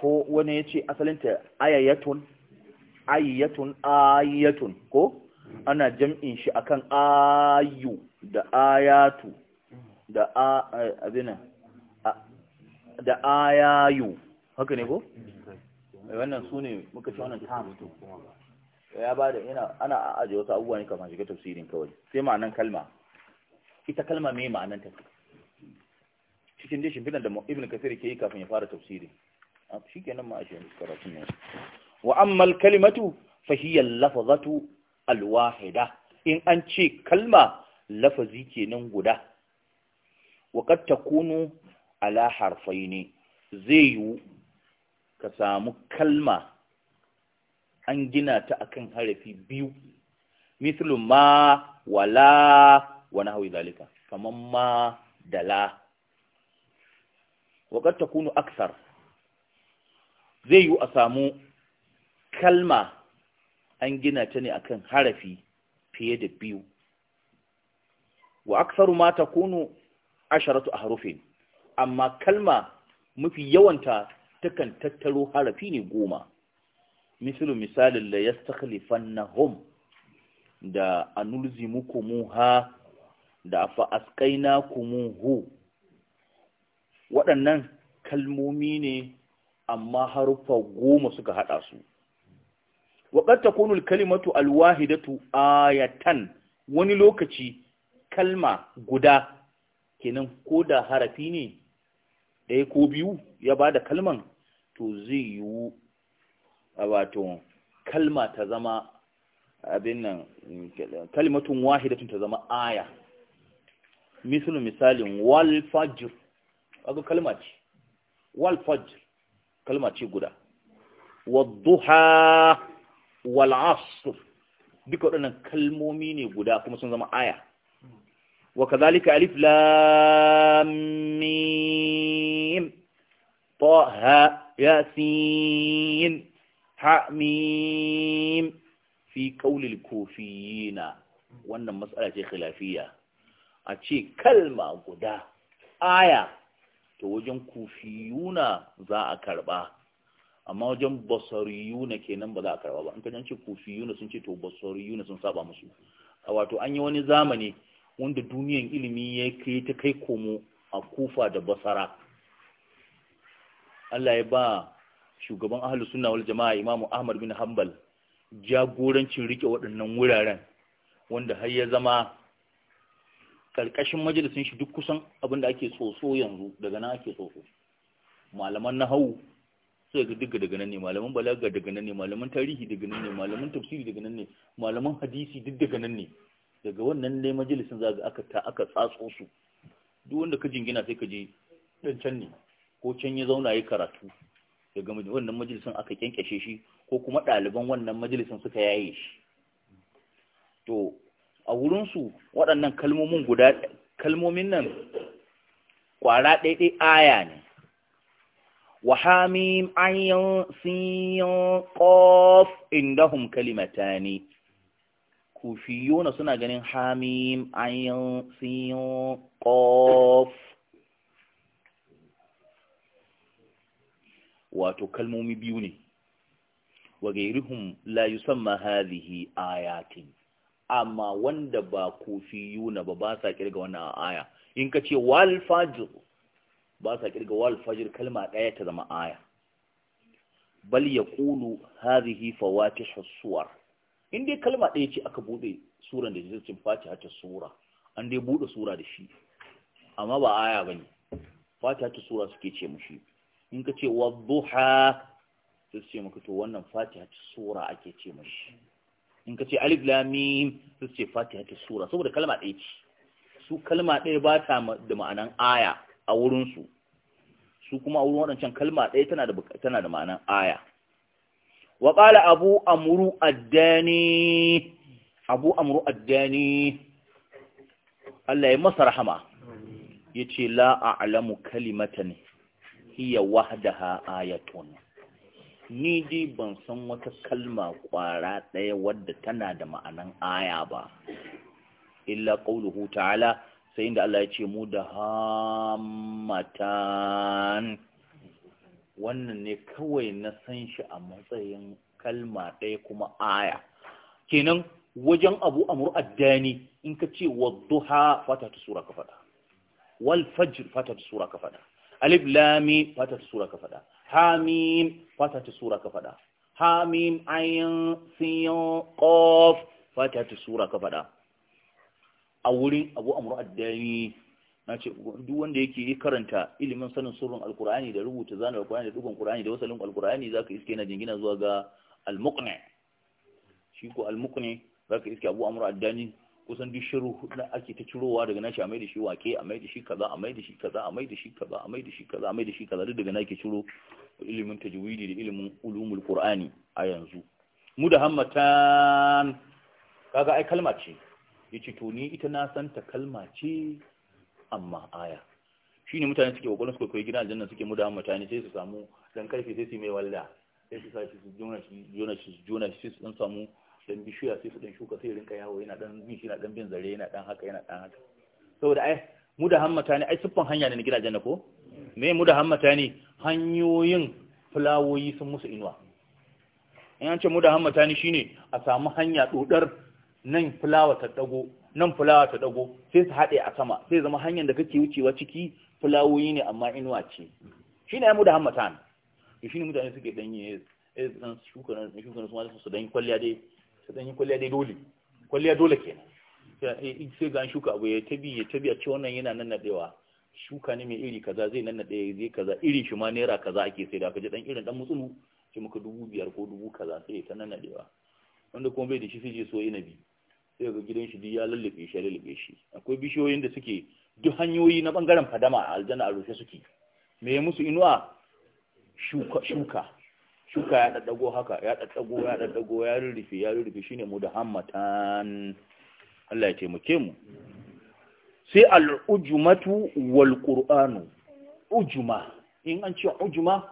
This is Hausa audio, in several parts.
ko wani ya ce asalinta ayayatun ayatun ayatun ko ana jam'in shi akan ayu da ayatu da abina da ayayu haka ne ko? Eh, wannan su ne muka ce wannan tam ya ba da yana ana ajiye wasu abubuwa ne kamar shiga tafsirin kawai sai ma'anan kalma ita kalma mai ma'anan ta cikin dai shimfidan da ibn kasir ke yi kafin ya fara tafsirin shi kenan ma a karatu ne wa ammal kalimatu fahiyar lafazatu alwahida in an ce kalma lafazi kenan guda waƙar ta takunu ala ne, zai yi ka samu kalma an gina ta akan harafi biyu mislu ma wala wani nahwi zalika kamar ma da la wa ta takunu aksar. zai yi a samu kalma an gina ta ne akan harafi fiye da biyu wa aksaru ma kunu asharatu harufin amma kalma mafi yawanta takan tattaro harafi ne goma misalu misalin na yastakhlifannahum da ha, da askaina kumu hu, waɗannan kalmomi ne amma haruffa goma suka haɗa su waƙar ta kunul kalimatu alwahidatu ayatan wani lokaci kalma guda kenan ko da harafi ne ɗaya ko biyu ya ba da kalman to zai yiwu a wato kalma ta zama abin nan kalmatun wahidatun ta zama aya misalin misalin wal fajr aga kalma ce wal fajr kalma ce guda wadduha wal asr duka waɗannan kalmomi ne guda kuma sun zama aya wa kazalika alif lam mim ta ha yasin ha mim fi qaulil kufiyina wannan mas'ala ce khilafiyya a ce kalma guda aya to wajen kufiyuna za a karba amma wajen basariyuna kenan ba za a karba ba in ka ce kufiyuna sun ce to basariyuna sun saba musu a wato an yi wani zamani wanda duniyan ilimi ya kai ta kai komo a kufa da basara Allah ya ba shugaban ahlus sunna wal jama'a imamu ahmad bin hanbal jagorancin rike waɗannan wuraren wanda har ya zama karkashin majalisin shi duk kusan abin da ake tsotso yanzu daga nan ake tsotso malaman nahawu sai ga duka daga nan ne malaman balaga daga nan ne malaman tarihi daga nan ne malaman tafsiri daga nan ne malaman hadisi duk daga nan ne daga wannan dai majalisin zaga aka ta aka tsatso su duk wanda ka jingina sai ka je dan can ne ko can ya zauna yayi karatu daga wannan majalisin aka kyankyashe shi ko kuma ɗaliban wannan majalisin suka yaye shi to a wurinsu waɗannan kalmomin guda kalmomin nan ƙwara ɗaiɗai aya ne wa hamim ayyan siyan ƙof indahum kalimatani kufiyona suna ganin hamim ayyan siyan ƙof wato kalmomi biyu ne wa gairihum layusan yusamma hadhihi ayatin amma wanda ba yuna ba ba sa kirga wannan aya in ka ce wal fajr ba sa kirga wal fajr kalma daya ta zama aya bal yaqulu hadhihi fawatihu suwar in dai kalma daya ce aka bude suran da cin fati ta sura an dai bude sura da shi amma ba aya bane Fati ta sura suke ce mushi in ka ce wadduha sai ce maka to wannan fati ta sura ake ce mushi in ka ce alif lamim su ce fatiha ta sura saboda kalma ɗaya ce su kalma ɗaya ba ta da ma'anan aya a wurinsu su kuma a wurin waɗancan kalma ɗaya tana da ma'anan aya wa ƙala abu amuru addani abu amuru addani Allah ya masa rahama ya ce la a'lamu kalimatan hiya wahdaha ayatun ni dai ban san wata kalma kwara ɗaya wadda tana da ma'anan aya ba illa qauluhu ta'ala sai inda Allah ya ce mu da hammatan wannan ne kawai na san shi a matsayin kalma ɗaya kuma aya kenan wajen abu amur addani in ka ce duha fata ta sura ka fada wal fajr fata ta sura ka fada alif lami fata ta sura ka fada hamim ta sura ka faɗa hamim ayin siyan ƙof ta sura ka faɗa a wurin abu amur addani na ce duk wanda yake karanta ilimin sanin surun alkur'ani da rubuta zanar alkur'ani da dukkan kur'ani da wasalin alkur'ani za ka iske na jingina zuwa ga almukne shi ko almukne za ka iske abu amur addani kusan duk shiru na ake ta cirowa daga nashi a mai da shi wake a mai da shi kaza a mai da shi kaza a mai da shi kaza a mai da shi kaza a mai da shi kaza duk daga nake ciro ilimin tajwidi da ilimin ulumul qur'ani a yanzu mu da hammatan kaga ai kalma ce yace to ni ita na san ta kalma ce amma aya shine mutane suke kokarin su koyi gidan aljanna suke mu da hammatan sai su samu dan karfi sai su mai walla sai su sa shi jona shi jona shi sai su samu dan bishiya sai su dan shuka sai rinka yawo yana dan bin shi yana dan bin zare yana dan haka yana dan haka saboda ai mu da hammata ne ai siffan hanya ne na gidajen na ko me mu da hammata ne hanyoyin fulawoyi sun musu inuwa in an ce mu da hammata ne shine a samu hanya dodar nan fulawa ta dago nan fulawa ta dago sai su haɗe a sama sai zama hanyar da kake wucewa ciki fulawoyi ne amma inuwa ce shine ai mu da hammata ne shine mutane suke danye eh, eh, dan shuka nan shuka nan su ma su dan kwalliya dai su dan kwalliya dai dole kwalliya dole ke nan eh, sai ga shuka abu ya tabi ya tabi a ce wannan yana nan nadewa shuka ne mai iri kaza zai nan nade zai kaza irin shi ma naira kaza ake sai da kaje dan irin dan mutsulu ce muka dubu biyar ko dubu kaza sai ta nan nadewa wanda kuma bai da shi sai je so inabi sai ga gidan shi duk ya lallabe shi lallabe shi akwai bishiyoyin da suke duk hanyoyi na bangaren fadama a aljanna a rufe suke me musu inuwa shuka shuka shuka ya ɗaɗɗago haka ya ɗaɗɗago ya ɗaɗɗago ya rurrufe ya rurrufe shi shine hammatan Allah ya taimake mu sai alujumatu wal ƙur'anu ujuma in an ce ujuma,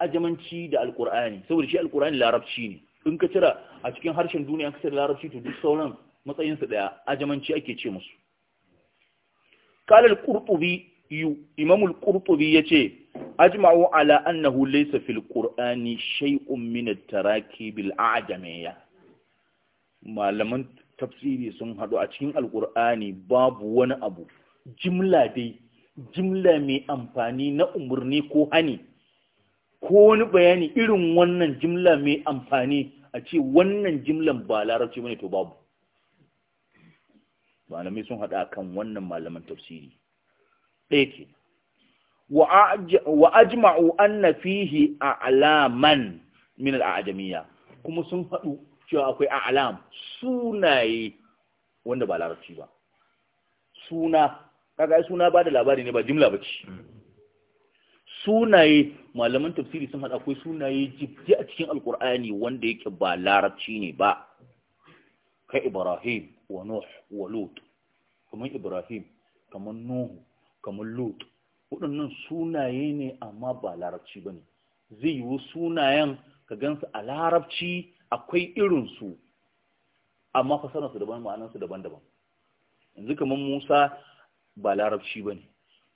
ajamanci da Alƙur'ani. saboda shi Alƙur'ani larabci ne in ka cire a cikin harshen duniya ka cira larabci to duk sauran matsayin su daya ajamanci ake ce musu qala al yu imamul al ya ce ajma'u ala annahu laysa fil qur'ani shay'un min at-tarakib al-a'jamiyya malaman tafsiri sun hadu a cikin alqur'ani babu wani abu jimla dai jimla mai amfani na umurni ko hani ko wani bayani irin wannan jimla mai amfani a ce wannan jimlan ba larabci bane to babu malamai sun hada kan wannan malaman tafsiri ɗaya kenan wa ajma'u anna fihi a'laman min al'ajamiya kuma sun faɗu cewa akwai a'lam sunaye wanda ba larabci ba suna kaga ai suna ba da labari ne ba jimla ba ce sunaye malaman tafsiri sun hada akwai sunaye jibji a cikin alkur'ani wanda yake ba larabci ne ba ka ibrahim wa nuh wa lut kamar ibrahim kaman nuhu kamar lut waɗannan sunaye ne amma ba larabci ba ne zai yiwu sunayen ka gansu a larabci akwai irinsu amma fa sanarsu daban ma'anarsu daban-daban yanzu kamar musa ba larabci ba ne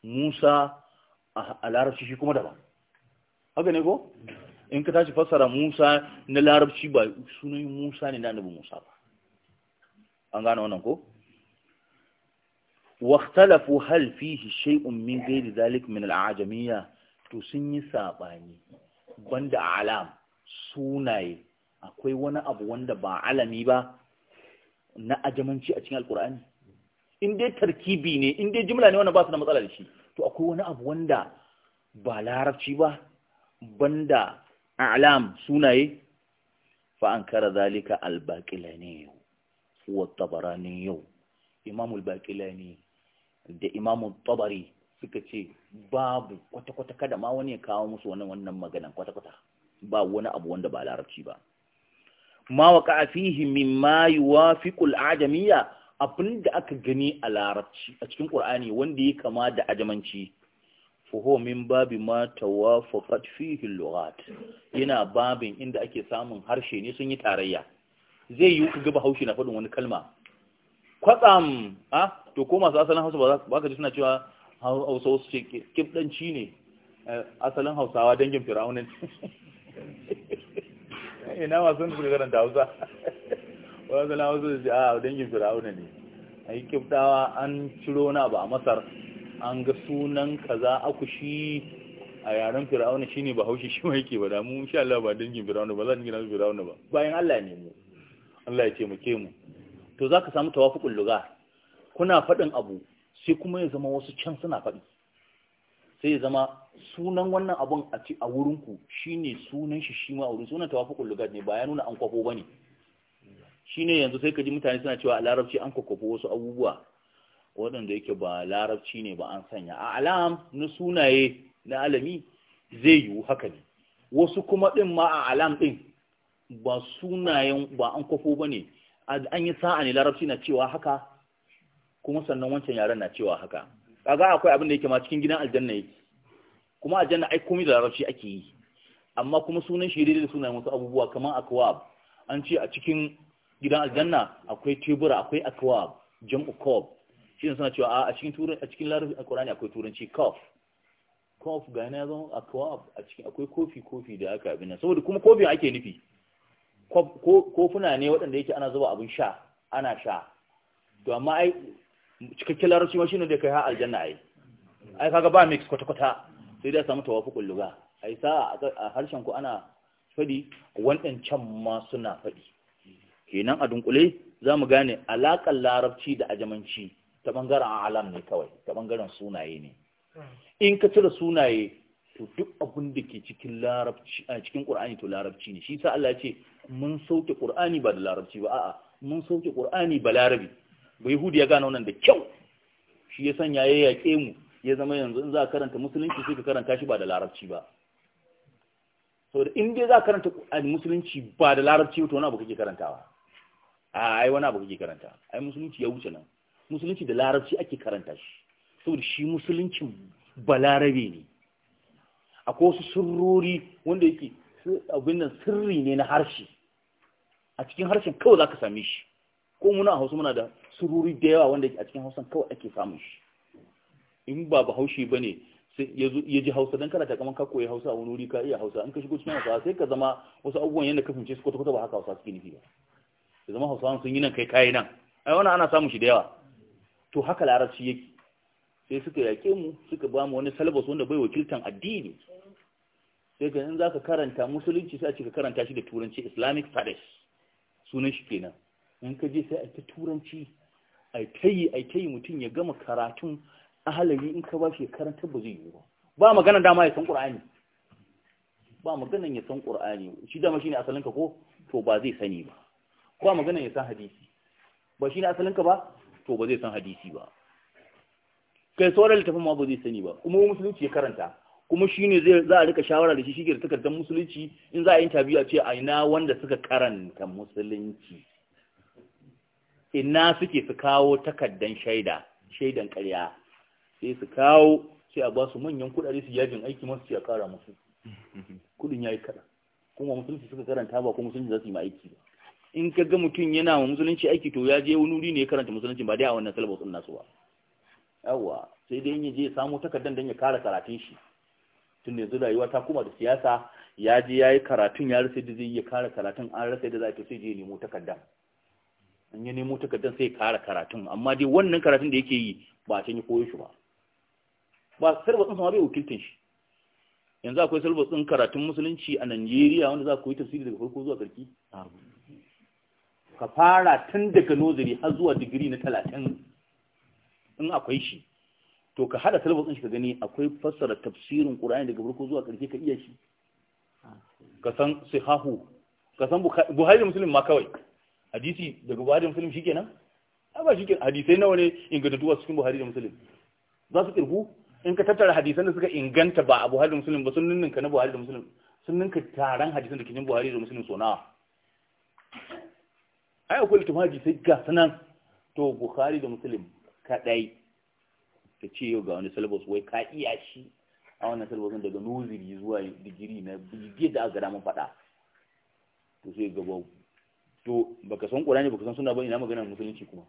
musa a larabci shi kuma daban haka ne ko in ka tashi fassara musa na larabci ba sunan musa ne na annabi musa ba an gane wannan ko واختلفوا هل فيه شيء من غير ذلك من العجمية to sun yi saɓani banda alam sunaye akwai wani abu wanda ba alami ba na ajamanci a cikin alkur'ani in dai tarkibi ne in dai jimla ne wannan ba su da matsala to akwai wani abu wanda ba larabci ba banda alam sunaye fa an zalika albaqilani yau imamul baqilani da imamu tabari suka ce babu kwata-kwata kada ma wani ya kawo musu wannan wannan maganan kwata-kwata ba wani abu wanda ba larabci ba ma waka wa fi yuwafiqul abin abinda aka gani a larabci a cikin ƙur'ani wanda ya kama da ajamanci fa min babi ma tawafaqat yana babin inda ake samun harshe ne sun yi tarayya zai yi ku ga bahaushe na faɗin wani kalma kwatsam ah to ko masu asalin hausa ba ka ji suna cewa hausa wasu ce kibdanci ne eh, asalin hausawa dangin fir'aunin ina masu wani suka karanta hausa wani asalin hausa da ce a ah, dangin fir'aunin ne a yi kibdawa an ciro na ba a masar an ga sunan kaza akushi a yaren fir'auna shine ba haushi shi mai yake ba damu mu insha Allah ba dangin firaunin ba za ni gina firaunin ba bayan Allah ne mu Allah ya ce mu ke mu to zaka samu tawafuqul lugha kuna faɗin abu sai kuma ya zama wasu can suna faɗi sai ya zama sunan wannan abun a ci a wurinku shine sunan shi shi ma a wurin sunan tawafuqul lugat ne ba ya nuna an kwafo bane shine yanzu sai ka ji mutane suna cewa a larabci an kwakwafo wasu abubuwa waɗanda yake ba larabci ne ba an sanya a alam na sunaye na alami zai yiwu haka ne wasu kuma ɗin ma a alam ɗin ba sunayen ba an kwafo ba ne an yi sa'a ne larabci na cewa haka kuma sannan wancan yaren na cewa haka kaga akwai abin da yake ma cikin gidan aljanna yake kuma aljanna ai komai da larabci ake yi amma kuma sunan shi da sunan wasu abubuwa kamar akwab an ce a cikin gidan aljanna akwai tebura akwai akwab jam'u kob shi suna cewa a cikin turanci a cikin larabci alqur'ani akwai turanci kof kof ga yana zo akwab a cikin akwai kofi kofi da aka abin nan saboda kuma kofin ake nufi kofuna ne waɗanda yake ana zuba abin sha ana sha to amma ai cikakken larabci ma ne da kai ha aljanna ai ai kaga ba mix kwata kwata sai da samu tawafuqul lugha ai sa a harshen ku ana fadi wadancan ma suna fadi kenan a dunkule za mu gane alaƙar larabci da ajamanci ta bangaren alam ne kawai ta bangaren sunaye ne in ka cire sunaye to duk abin da ke cikin larabci a cikin qur'ani to larabci ne shi sa Allah ya ce mun sauke qur'ani ba da larabci ba a'a mun sauke ƙur'ani ba larabi bai hudu ya gane wannan da kyau shi ya sanya ya yaƙe mu ya zama yanzu in za a karanta musulunci sai ka karanta shi ba da larabci ba so da in dai za ka karanta musulunci ba da larabci to wani abu kake karantawa a ai wani abu kake karanta ai musulunci ya wuce nan musulunci da larabci ake karanta shi saboda shi musuluncin balarabe ne akwai wasu sirrori wanda yake abin nan sirri ne na harshe a cikin harshen kawai za ka same shi ko muna a hausa muna da sururi da yawa wanda a cikin hausan kawai ake samun shi in ba ba bahaushe ba ne ya ji hausa don kana takaman ka koyi hausa a wani wuri ka iya hausa in ka shigo cikin hausa sai ka zama wasu abubuwan yadda ka fahimce su kwata-kwata ba haka hausa suke nufi ba ya zama hausa sun yi nan kai kayi nan ai wani ana samun shi da yawa to haka larabci yake sai suka yaƙe mu suka ba mu wani salabas wanda bai wakiltan addini sai ka in za ka karanta musulunci sai a ce ka karanta shi da turanci islamic studies sunan shi kenan in ka je sai a ta turanci aikayi aikayi mutum ya gama karatun ahalari in ka ba shi karanta ba zai yi ba ba magana dama ya san qur'ani ba magana ya san qur'ani shi dama shine asalin ka ko to ba zai sani ba ba magana ya san hadisi ba shine asalin ka ba to ba zai san hadisi ba kai sauran littafin ma ba zai sani ba kuma musulunci ya karanta kuma shine zai za a rika shawara da shi shi ke da takardar musulunci in za a yi tabiya ce a ina wanda suka karanta musulunci ina suke su kawo takaddan shaida shaidan ƙarya sai su kawo sai a ba su manyan kuɗaɗe su yajin aiki masu ci a ƙara musu kuɗin ya yi kaɗan kuma musulunci suka karanta ba kuma musulunci za su yi ma aiki ba in ka ga mutum yana wa musulunci aiki to ya je wani wuri ne ya karanta musulunci ba dai a wannan salabar sun nasu ba yawa sai dai in ya je ya samu takardar don ya kara karatun shi tun yanzu rayuwa ta kuma da siyasa ya je ya yi karatun ya rasa da zai iya kara karatun an rasa da za ta sai je nemo takarda in ya nemo takardar sai kara karatun amma dai wannan karatun da yake yi ba a can yi koyo shi ba ba sarba ɗinsa ma bai wakiltin shi yanzu akwai sarba ɗin karatun musulunci a Najeriya wanda za ku yi tafsiri daga farko zuwa karki ka fara tun daga nozari har zuwa digiri na talatin in akwai shi to ka hada talabas shi ka gani akwai fassara tafsirin ƙura'ani daga farko zuwa karki ka iya shi ka san sihahu ka san buhari da musulun ma kawai hadisi daga buhari muslim kenan a ah, ba shikenan hadisai nawa ne ingantattu a cikin buhari da muslim za su kirgu in ka tattara hadisan da suka inganta ba a buhari da muslim ba sun ninninka na buhari da muslim sun ninka taron hadisan da ke cikin buhari da muslim so A ai akwai littafin hadisai ga sanan to buhari da muslim kaɗai ka ce yau ga wani syllabus wai ka iya shi a wannan syllabusin daga noziri zuwa digiri na bige da aka damun faɗa to sai gaba to baka san qur'ani baka san sunna ba ina magana musulunci kuma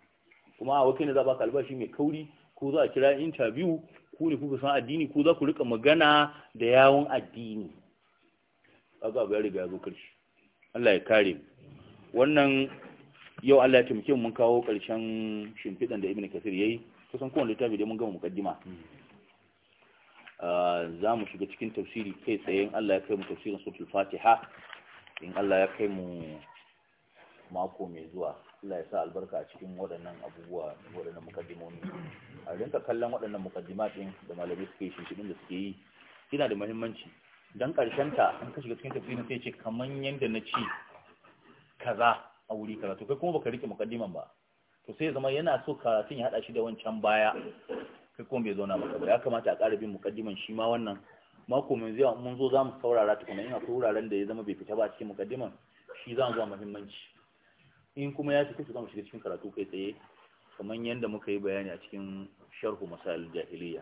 kuma a wakilin za ba ka albashi mai kauri ko za a kira interview ko ne kuka san addini ko za ku rika magana da yawon addini kaga abu ya riga ya zo karshe Allah ya kare wannan yau Allah ya taimake mu mun kawo karshen shimfidan da Ibn Kathir yayi kusan kowanne littafi dai mun gama mukaddima ah, za mu shiga cikin tafsiri kai tsaye Allah ya kai mu tafsirin suratul Fatiha in Allah ya kai mu mako mai zuwa Allah ya sa albarka a cikin waɗannan abubuwa waɗannan mukaddimomi a rinka kallon waɗannan mukaddima ɗin da malamai suke shimfiɗin da suke yi yana da muhimmanci don ƙarshen ta an kashe shiga cikin na sai ce kaman yadda na ce kaza a wuri kaza to kai kuma baka rike mukaddiman ba to sai zama yana so karatun ya haɗa shi da wancan baya kai kuma bai zauna maka ba ya kamata a ƙara bin mukaddiman shi ma wannan mako mai zuwa mun zo za mu saurara tukuna ina akwai wuraren da ya zama bai fita ba cikin mukaddiman shi za mu zuwa muhimmanci in kuma ya cikin zamu za mu shiga cikin karatu kai tsaye kamar yadda muka yi bayani a cikin sharhu masail jahiliya